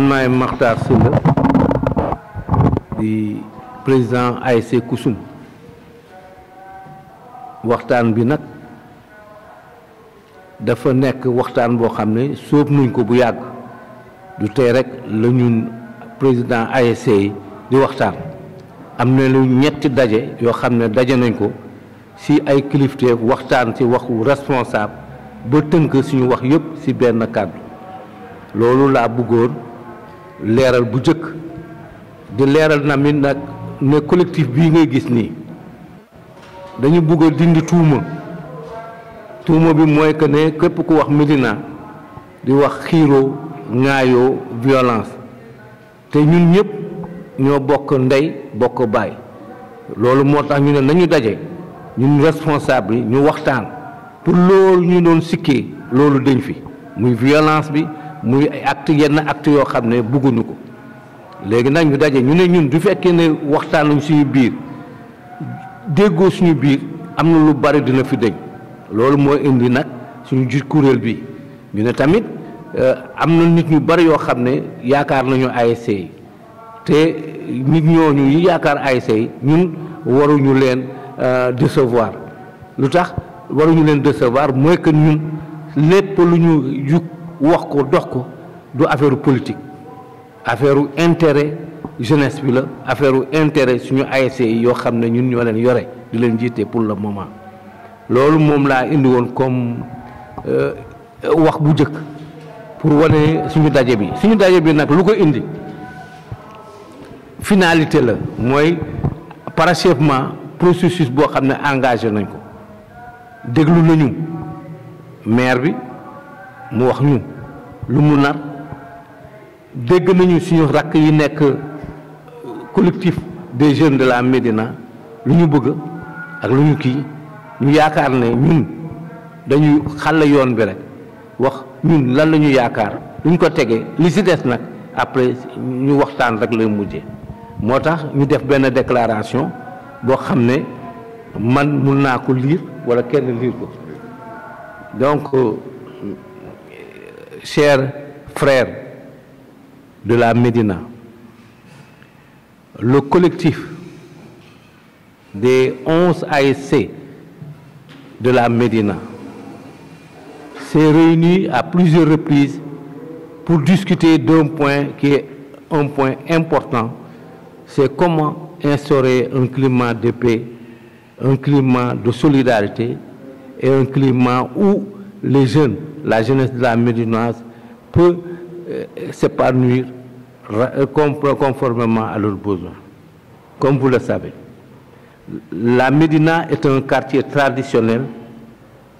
le maay président ASC Koussoum waxtaan bi nag dafa nekk waxtaan boo xam ne nuñ ko bu du rek la président ASC di waxtaan am ñetti daje yoo xam ne nañ ko si ay kilifteef waxtaan ci waxu responsable ba tënk suñu wax vous ci benn kàddu loolu laa leeral bu jëkk di leeral na mi nag ne collectif bii ngay gis nii dañu bëgg a dindi tuuma tuuma bi mooy que ne képp ku wax Médina di wax xiiroo ŋaayoo violence te ñun ñëpp ñoo bokk ndey bokk baay loolu moo tax ñu ne nañu daje ñun responsable yi ñu waxtaan pour loolu ñu doon sikkee loolu dañ fi muy violence bi muy ay acte yenn acte yoo xam ne bugguñu ko léegi nag ñu daje ñu ne ñun du fekkee ne waxtaanuñ suñu biir déggoo suñu biir am na lu bari dina fi dëñ loolu mooy indi nag suñu jur kuréel bi ñu ne tamit euh, am na nit ñu bari yoo xam ne yaakaar nañu ASC yi te nit ñooñu yi yaakaar ASC yi ñun waruñu leen euh, décevoir lu tax waruñu leen décevoir mooy que ñun lépp lu ñu yukk wax ko dox ko affaire politique affaire intérêt jeunesse bi la affaire intérêt suñu ASC yore di pour le moment loolu moom laa indi comme euh, wax bu pour wane suñu daje bi suñu daje bi nag indi finalité la mooy parachèvement processus boo xam engagé nañ ko déglu mu wax ñu lu mu nar dégg nañu suñu rakk yi nekk euh, collectif des jeunes de la Médina lu ñu bëgg ak lu ñu kii ñu yaakaar ne ñun dañuy xàll yoon bi rek wax ñun lan la ñu yaakaar luñ ko tegee li si des nag après ñu waxtaan rek lay mujjee moo tax ñu def benn déclaration boo xam ne man mun naa ko lire wala kenn lire ko donc euh, chers frères de la Médina, le collectif des 11 ASC de la Médina s'est réuni à plusieurs reprises pour discuter d'un point qui est un point important, c'est comment instaurer un climat de paix, un climat de solidarité et un climat où les jeunes, la jeunesse de la Médinoise peut euh, s'épargner euh, conformément à leurs besoins. Comme vous le savez, la Médina est un quartier traditionnel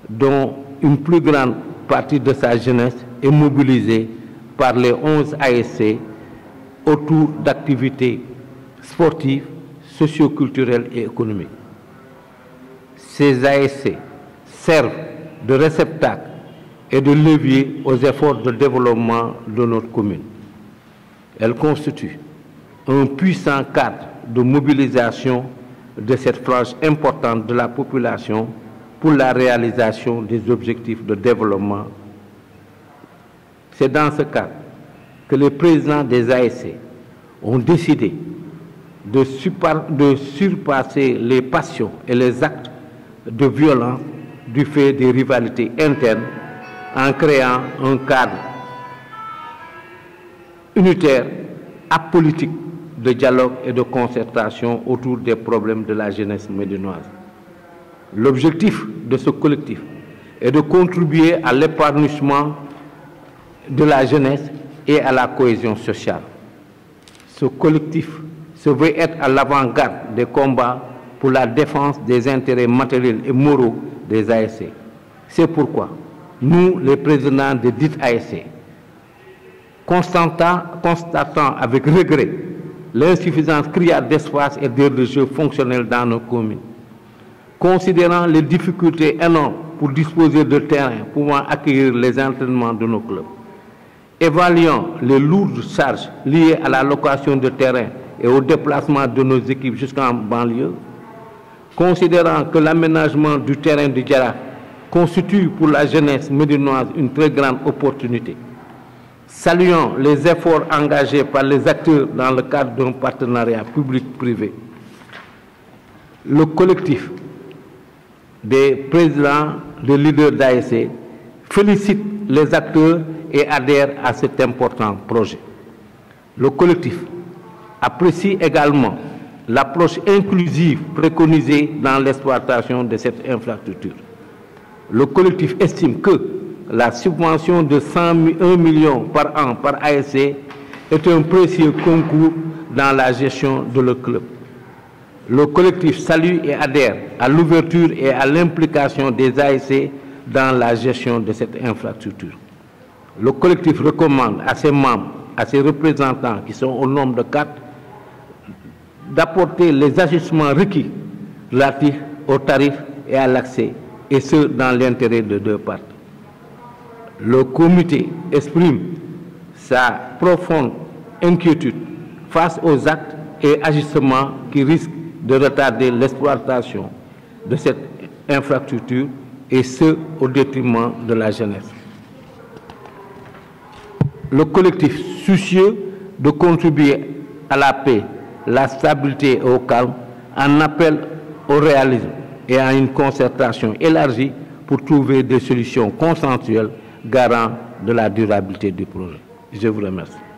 dont une plus grande partie de sa jeunesse est mobilisée par les 11 ASC autour d'activités sportives, socioculturelles et économiques. Ces ASC servent de réceptacle et de levier aux efforts de développement de notre commune. Elle constitue un puissant cadre de mobilisation de cette frange importante de la population pour la réalisation des objectifs de développement. C'est dans ce cadre que les présidents des ASC ont décidé de, de surpasser les passions et les actes de violence du fait des rivalités internes en créant un cadre unitaire, apolitique de dialogue et de concertation autour des problèmes de la jeunesse médinoise. L'objectif de ce collectif est de contribuer à l'épanouissement de la jeunesse et à la cohésion sociale. Ce collectif se veut être à l'avant-garde des combats pour la défense des intérêts matériels et moraux des ASC. C'est pourquoi nous, les présidents des dites ASC, constatant, avec regret l'insuffisance criante d'espace et de jeu fonctionnel dans nos communes, considérant les difficultés énormes pour disposer de terrain pouvant accueillir les entraînements de nos clubs, évaluant les lourdes charges liées à la location de terrain et au déplacement de nos équipes jusqu'en banlieue, considérant que l'aménagement du terrain du Djara constitue pour la jeunesse médinoise une très grande opportunité. Saluant les efforts engagés par les acteurs dans le cadre d'un partenariat public-privé, le collectif des présidents, des leaders d'ASE félicite les acteurs et adhère à cet important projet. Le collectif apprécie également l'approche inclusive préconisée dans l'exploitation de cette infrastructure. Le collectif estime que la subvention de 101 millions par an par ASC est un précieux concours dans la gestion de le club. Le collectif salue et adhère à l'ouverture et à l'implication des ASC dans la gestion de cette infrastructure. Le collectif recommande à ses membres, à ses représentants qui sont au nombre de quatre, d'apporter les ajustements requis relatifs aux tarifs et à l'accès, et ce, dans l'intérêt de deux parties. Le comité exprime sa profonde inquiétude face aux actes et ajustements qui risquent de retarder l'exploitation de cette infrastructure, et ce, au détriment de la jeunesse. Le collectif soucieux de contribuer à la paix la stabilité et au calme, Un appel au réalisme et à une concertation élargie pour trouver des solutions consensuelles garant de la durabilité du projet. Je vous remercie.